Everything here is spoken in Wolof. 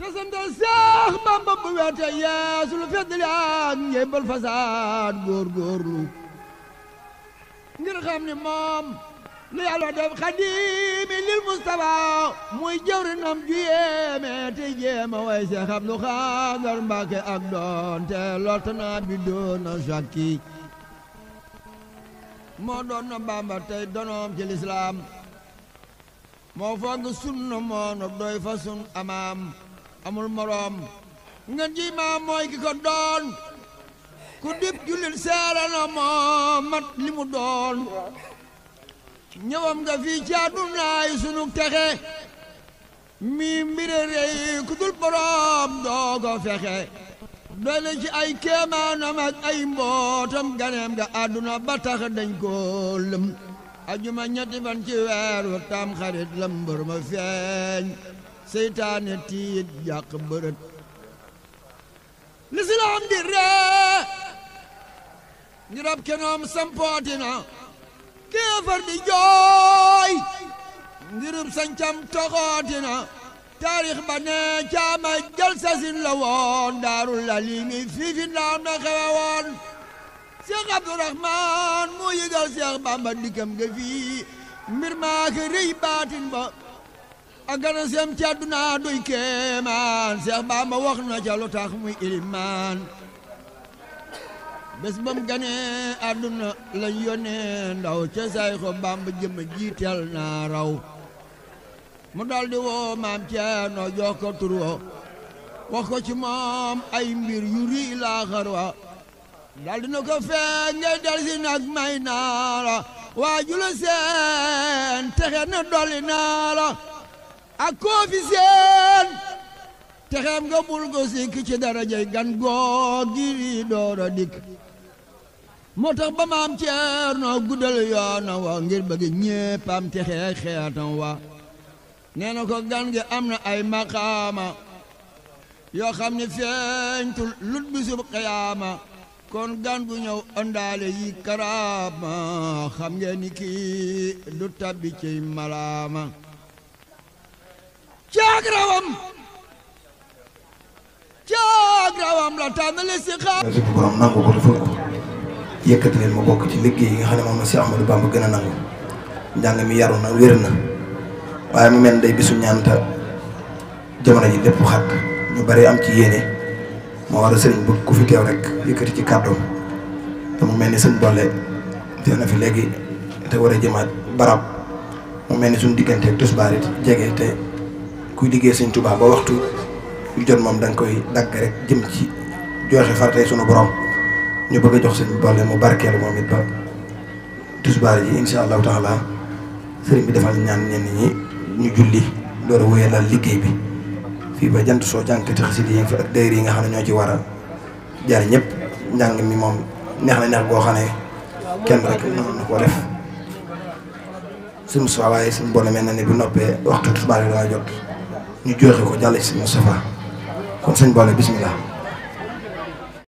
te sant Seex Bamba bu wete yeesu lu feddliyaat njébbal fasaad góor góorlu ngir xam ni moom lu yàlla def xadiimi lil Mustafa muy jëwrinam ju yéeme te jéema way Seex Abdu Xaadar Mbàkke ak doon te lot naa bi doon na sakki moo doon na Bamba tey donoom ci lislaam moo foog sunna moo nu doy fa sun amaam amul morom ngeen ji maa mooy ki ko doon ku dib julil seere na moo mat limu mu doon ñëwam nga fi ci yi sunu texe mi mbire rey ku dul borom do go fexe doy na ci ay na ma ay mbotam ganem ga aduna ba tax dañ ko lem aljuma ñetti ban ci tam xarit lëmbër ma feñ seytaane tiit yàq mbërët lislaam di ree ñu rab kenoom sampootina kéefar di jooy ngirub sancam toxootina taarix ba ne caama jalsasin la woon daarul lalimi fiifi ndaam na xewe woon Seex Abdurahmaan mu yëgal Seex Bamba dikkam ga fii mbir maa ko rëy baatin ba aganasem ci àdduna duy kéemaan Seex Bamba wax na ca lu muy ilimaan bés bam ganee àdduna lañ ndaw ca say ko Bamba jëma jiiteel naa raw mu daldi woo maam Ceerno jox ko tur wo wax ko ci moom ay mbir yu rii laaxar wa daldi na ko feeñ ngay del si nag ak koo fi seen bul ko sikk ci darajay gan goo giri door a dikk moo tax ba maam Ceerno guddal yoona wa ngir bëgg ñépp am te xeex xeetam wa nee na ko gan gi am na ay maqaama yoo xam ne feeñtul lut bisub xiyaama kon gan gu ñëw ëndaale yi karaama xam ngeen kii du tabbi ciy malaama caag rawam caag rawam la tàmbali si xaar. suñu borom nangu ko defal ko yëkkati leen ma bokk ci liggéey yi nga xam ne moom la si Amadou Bamba gën a nangu njàng mi yaru na wér na waaye mu mel ne day bisu ñaanta jamono ji lépp xat ñu bari am ci yéene moo war a sëriñ bu ku fi teew rek yëkkati ci kàddoom te mu mel ni sëñ boole teew na fi léegi te war a jëmaat barab mu mel ni suñu diggante ak jege te. kuy liggéey sëñ Tuubaa ba waxtu jot moom da koy dagg rek jëm ci joxe faratay sunu borom ñu bëgg a jox sëñ boole mu barkeel moom it ba tisbaar ji incha allahu taala sëriñ bi defal ñaan ñenn ñi ñu julli door a wéyalal liggéey bi fii ba jant soo jànkati xasida yi ak yi nga xam ne ñoo ci war a jaar ñëpp njàng mi moom neex na neex goo xam ne kenn rek noonu na ko def suñu soo waaye suñu boole mel na bu noppee waxtu tisbaar yi daa jot. ñu joxe ko ci si Moustapha kon Balla bismillah